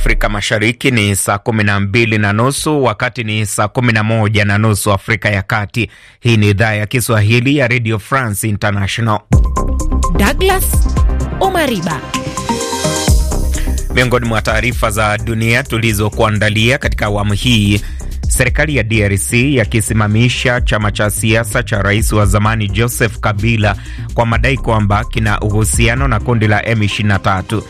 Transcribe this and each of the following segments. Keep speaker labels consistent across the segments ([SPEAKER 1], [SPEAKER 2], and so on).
[SPEAKER 1] Afrika Mashariki ni saa kumi na mbili na nusu wakati ni saa kumi na moja na nusu Afrika ya Kati. Hii ni idhaa ya Kiswahili ya Radio France International. Douglas Omariba miongoni mwa taarifa za dunia tulizokuandalia katika awamu hii: serikali ya DRC yakisimamisha chama cha siasa cha rais wa zamani Joseph Kabila kwa madai kwamba kina uhusiano na kundi la M23.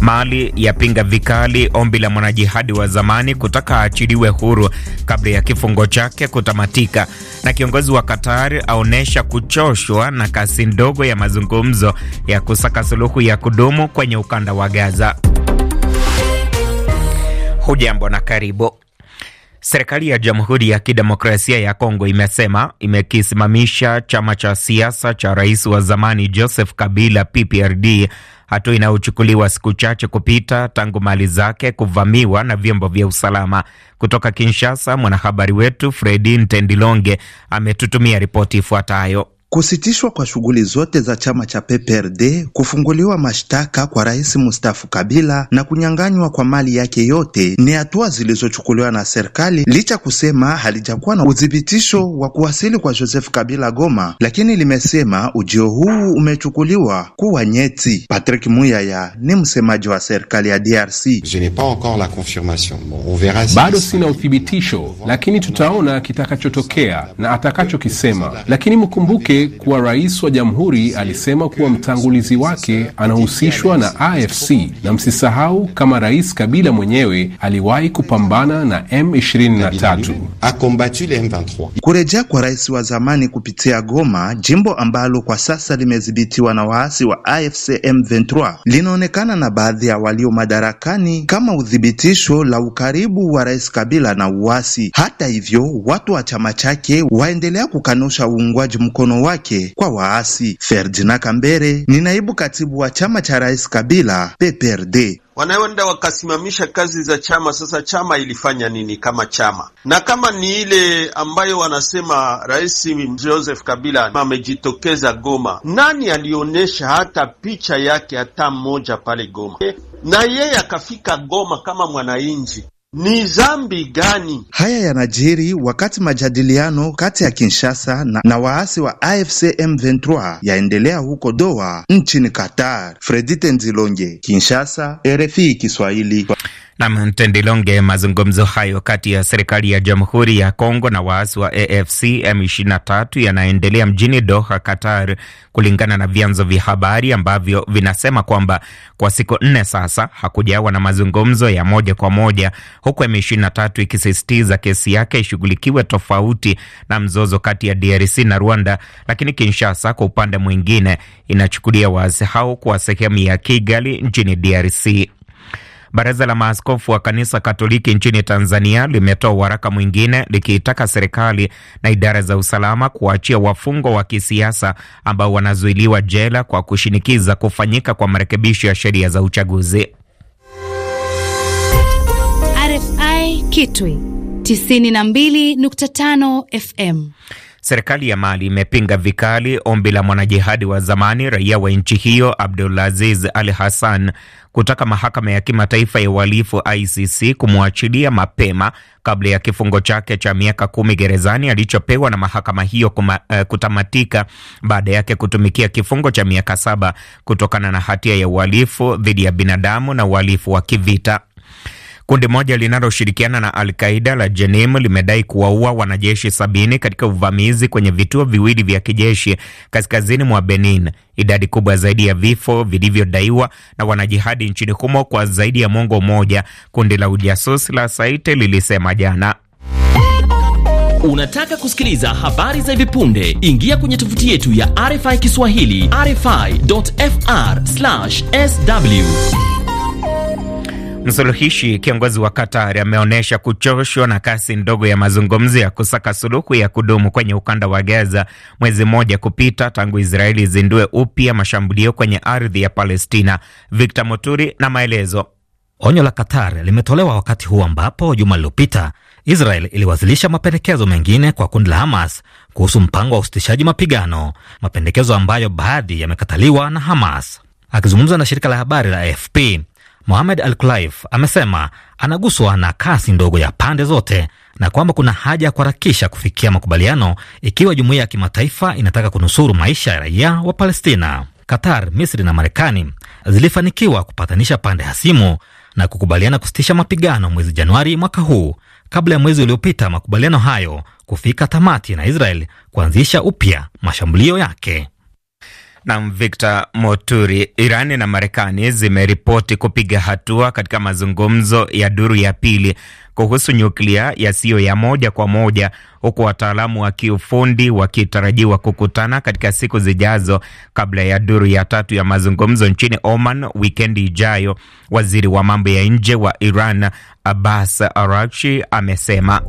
[SPEAKER 1] Mali yapinga vikali ombi la mwanajihadi wa zamani kutaka aachiliwe huru kabla ya kifungo chake kutamatika, na kiongozi wa Qatar aonyesha kuchoshwa na kasi ndogo ya mazungumzo ya kusaka suluhu ya kudumu kwenye ukanda wa Gaza. Hujambo na karibu. Serikali ya Jamhuri ya Kidemokrasia ya Kongo imesema imekisimamisha chama cha siasa cha rais wa zamani Joseph Kabila, PPRD, hatua inayochukuliwa siku chache kupita tangu mali zake kuvamiwa na vyombo vya usalama. Kutoka Kinshasa, mwanahabari wetu Fredi Ntendilonge ametutumia ripoti ifuatayo. Kusitishwa
[SPEAKER 2] kwa shughuli zote za chama cha PPRD, kufunguliwa mashtaka kwa rais mustafu Kabila na kunyang'anywa kwa mali yake yote ni hatua zilizochukuliwa na serikali, licha kusema halijakuwa na uthibitisho wa kuwasili kwa Joseph Kabila Goma, lakini limesema ujio huu umechukuliwa kuwa nyeti. Patrick Muyaya ni msemaji wa serikali ya DRC. Bado sina uthibitisho, lakini tutaona kitakachotokea na atakachokisema, lakini mkumbuke wake kuwa rais wa jamhuri alisema kuwa mtangulizi wake anahusishwa na AFC, na msisahau kama Rais Kabila mwenyewe aliwahi kupambana na M23. Kurejea kwa rais wa zamani kupitia Goma, jimbo ambalo kwa sasa limedhibitiwa na waasi wa AFC M23, linaonekana na baadhi ya walio madarakani kama uthibitisho la ukaribu wa Rais Kabila na uasi. Hata hivyo, watu wa chama chake waendelea kukanusha uungwaji mkono wake kwa waasi. Ferdinand Kambere ni naibu katibu wa chama cha Rais Kabila PPRD wanaenda wakasimamisha kazi za chama. Sasa chama ilifanya nini kama chama? Na kama ni ile ambayo wanasema Rais Joseph Kabila amejitokeza Goma, nani alionyesha hata picha yake hata mmoja pale Goma? Na yeye akafika Goma kama mwananchi, ni zambi gani? Haya yanajiri wakati majadiliano kati ya Kinshasa na, na waasi wa AFC M23 yaendelea huko Doha nchini Qatar. Fredite Nzilonge, Kinshasa,
[SPEAKER 1] RFI Kiswahili. Nam Tendilonge, mazungumzo hayo kati ya serikali ya Jamhuri ya Kongo na waasi wa AFC M23 yanaendelea mjini Doha, Qatar, kulingana na vyanzo vya habari ambavyo vinasema kwamba kwa siku nne sasa hakujawa na mazungumzo ya moja kwa moja, huku M23 ikisisitiza kesi yake ishughulikiwe tofauti na mzozo kati ya DRC na Rwanda, lakini Kinshasa kwa upande mwingine inachukulia waasi hao kuwa sehemu ya Kigali nchini DRC. Baraza la maaskofu wa kanisa Katoliki nchini Tanzania limetoa waraka mwingine likiitaka serikali na idara za usalama kuwaachia wafungwa wa kisiasa ambao wanazuiliwa jela kwa kushinikiza kufanyika kwa marekebisho ya sheria za uchaguzi.
[SPEAKER 2] RFI Kitwi
[SPEAKER 1] 92.5 FM. Serikali ya Mali imepinga vikali ombi la mwanajihadi wa zamani raia wa nchi hiyo Abdulaziz Al Hassan kutaka mahakama ya kimataifa ya uhalifu ICC kumwachilia mapema kabla ya kifungo chake cha miaka kumi gerezani alichopewa na mahakama hiyo kuma, uh, kutamatika baada yake kutumikia kifungo cha miaka saba kutokana na hatia ya uhalifu dhidi ya binadamu na uhalifu wa kivita. Kundi moja linaloshirikiana na Al-Qaida la Jenim limedai kuwaua wanajeshi sabini katika uvamizi kwenye vituo viwili vya kijeshi kaskazini mwa Benin, idadi kubwa zaidi ya vifo vilivyodaiwa na wanajihadi nchini humo kwa zaidi ya mwongo mmoja, kundi la ujasusi la Saite lilisema jana. Unataka kusikiliza habari za hivi punde? Ingia kwenye tovuti yetu ya RFI Kiswahili, rfi.fr/sw. Msuluhishi kiongozi wa katar ameonyesha kuchoshwa na kasi ndogo ya mazungumzo ya kusaka suluhu ya kudumu kwenye ukanda wa Gaza, mwezi mmoja kupita tangu Israeli izindue upya mashambulio kwenye ardhi ya Palestina. Victor Moturi na maelezo. Onyo la Qatar limetolewa wakati huu ambapo juma lililopita Israel iliwasilisha mapendekezo mengine kwa kundi la Hamas kuhusu mpango wa usitishaji mapigano, mapendekezo ambayo baadhi yamekataliwa na Hamas. Akizungumza na shirika la habari la AFP, Mohamed Al Kulaif amesema anaguswa na kasi ndogo ya pande zote na kwamba kuna haja ya kuharakisha kufikia makubaliano ikiwa jumuiya ya kimataifa inataka kunusuru maisha ya raia wa Palestina. Qatar, Misri na Marekani zilifanikiwa kupatanisha pande hasimu na kukubaliana kusitisha mapigano mwezi Januari mwaka huu kabla ya mwezi uliopita makubaliano hayo kufika tamati na Israel kuanzisha upya mashambulio yake. Na Victor Moturi, Irani na Marekani zimeripoti kupiga hatua katika mazungumzo ya duru ya pili kuhusu nyuklia yasiyo ya moja kwa moja, huku wataalamu wa kiufundi wakitarajiwa kukutana katika siku zijazo kabla ya duru ya tatu ya mazungumzo nchini Oman wikendi ijayo. Waziri wa mambo ya nje wa Iran Abbas arakshi amesema.